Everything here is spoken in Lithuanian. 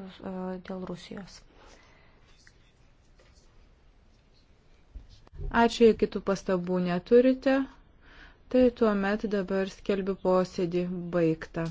E, dėl Rusijos. Ačiū, jei kitų pastabų neturite, tai tuomet dabar skelbiu posėdį baigtą.